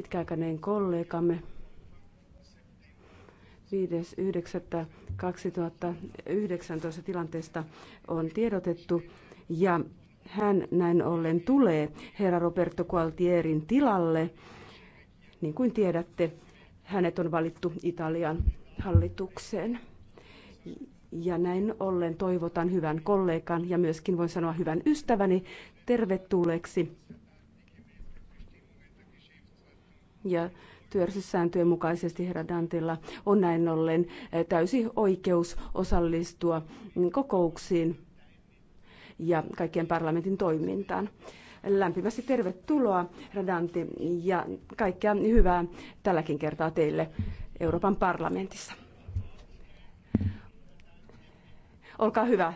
pitkäaikainen kollegamme 5.9.2019 tilanteesta on tiedotettu ja hän näin ollen tulee herra Roberto Gualtierin tilalle. Niin kuin tiedätte, hänet on valittu Italian hallitukseen. Ja näin ollen toivotan hyvän kollegan ja myöskin voin sanoa hyvän ystäväni tervetulleeksi ja työjärjestyssääntöjen mukaisesti herra Dantilla on näin ollen eh, täysi oikeus osallistua mm, kokouksiin ja kaikkien parlamentin toimintaan. Lämpimästi tervetuloa, Radanti, ja kaikkea hyvää tälläkin kertaa teille Euroopan parlamentissa. Olkaa hyvä,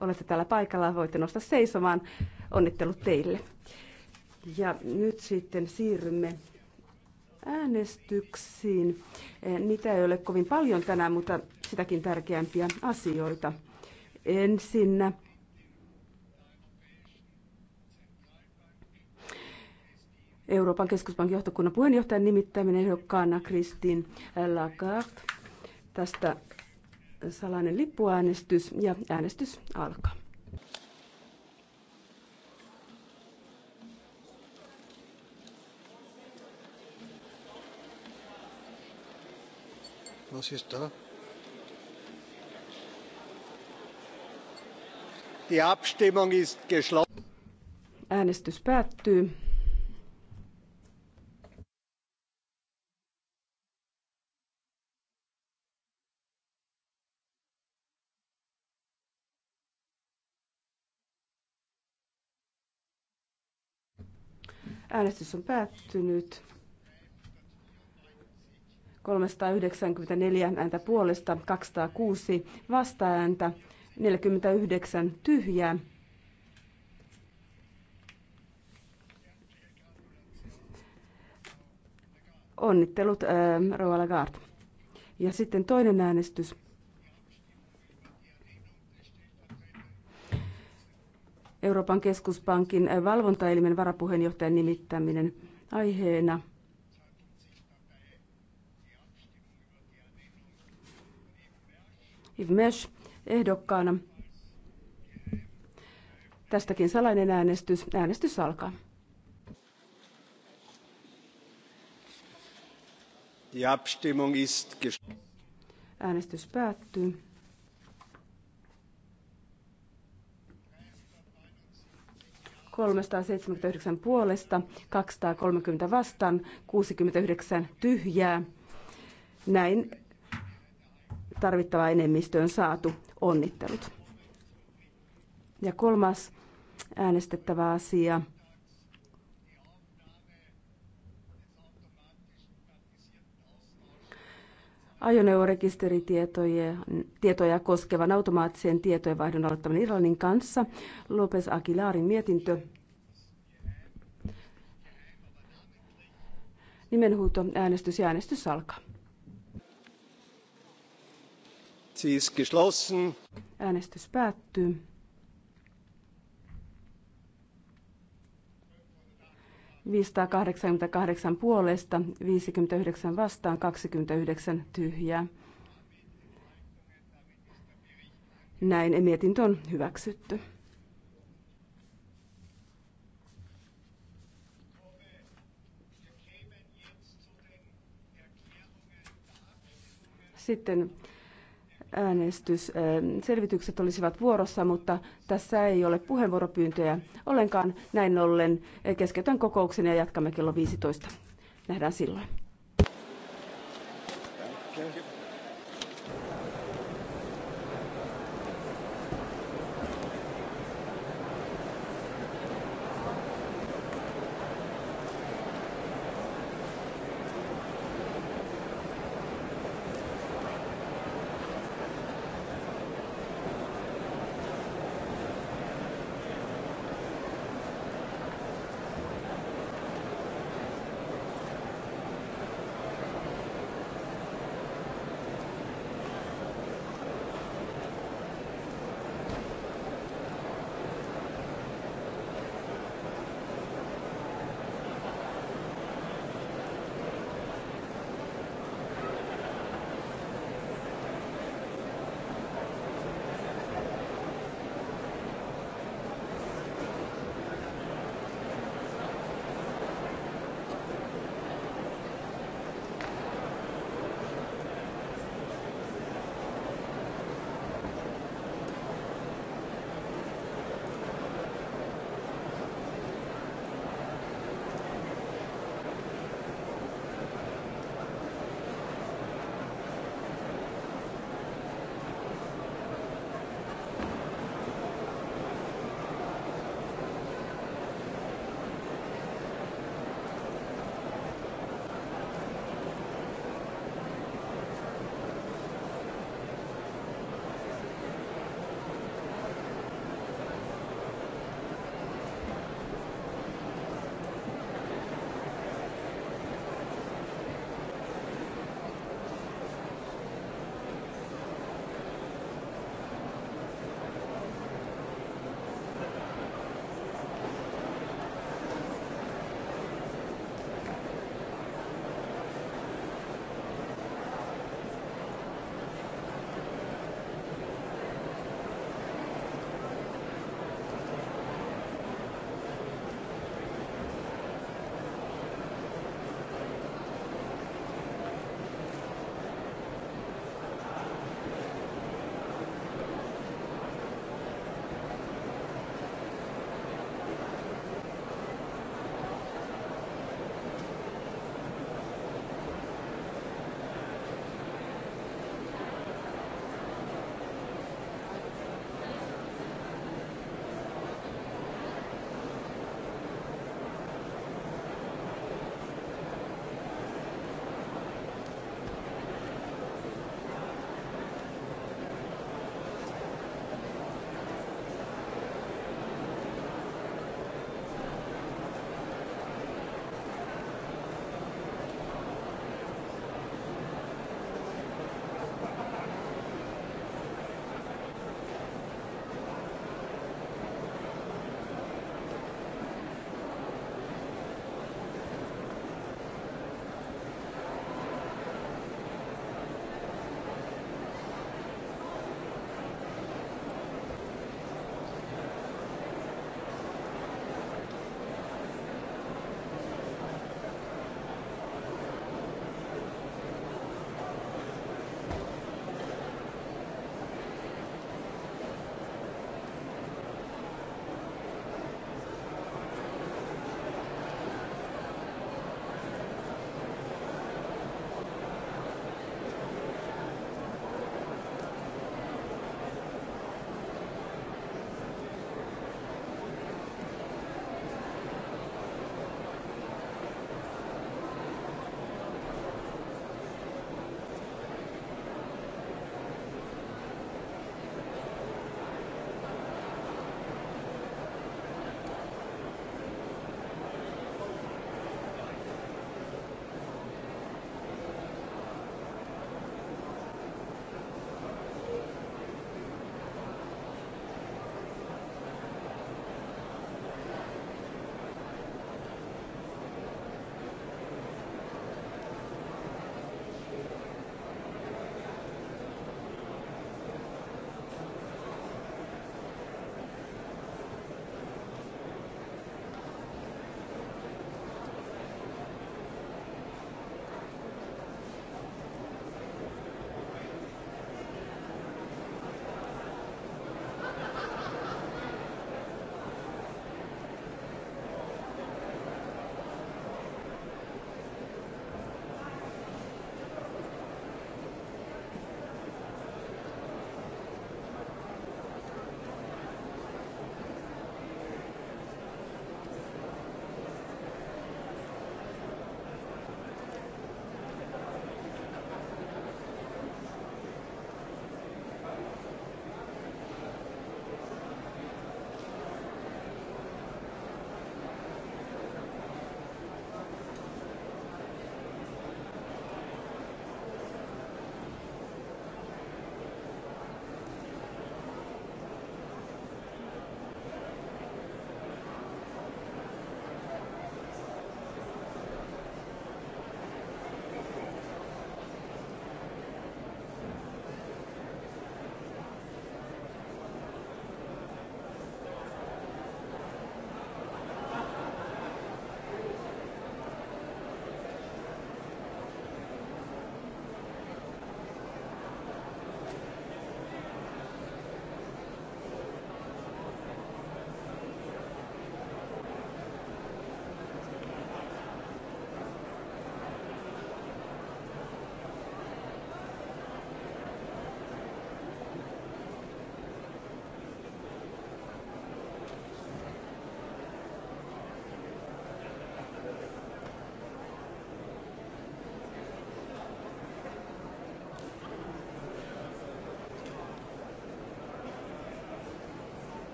olette täällä paikalla, voitte nostaa seisomaan. Onnittelut teille. Ja nyt sitten siirrymme äänestyksiin. Eh, niitä ei ole kovin paljon tänään, mutta sitäkin tärkeämpiä asioita. Ensinnä Euroopan keskuspankin johtokunnan puheenjohtajan nimittäminen ehdokkaana Kristin Lagarde. Tästä salainen lippuäänestys ja äänestys alkaa. no si está. Die Abstimmung ist geschlossen. Äänestys päättyy. Äänestys on päättynyt. 394 ääntä puolesta, 206 vastaääntä, 49 tyhjää. Onnittelut, äh, Roa Lagarde. Ja sitten toinen äänestys. Euroopan keskuspankin äh, valvontaelimen varapuheenjohtajan nimittäminen aiheena – Ivmesh ehdokkaana. Tästäkin salainen äänestys. Äänestys alkaa. Äänestys päättyy. kolmesta puolesta, 230 vastaan, 69 tyhjää. Näin tarvittava enemmistö on saatu. Onnittelut. Ja kolmas äänestettävä asia. ajoneuvorekisteritietoja koskevan automaattisen tietojenvaihdon aloittaminen Irlannin kanssa. Lopes Aguilarin mietintö. Nimenhuuto, äänestys ja äänestys alkaa. Sie geschlossen. Äänestys päättyy. kahdeksankymmentäkahdeksan puolesta, viisikymmentäyhdeksän vastaan, kaksikymmentäyhdeksän tyhjää. Näin mietintö on hyväksytty. Sitten äänestysselvitykset olisivat vuorossa, mutta tässä ei ole puheenvuoropyyntöjä ollenkaan. Näin ollen keskeytän kokouksen ja jatkamme kello 15. Nähdään silloin.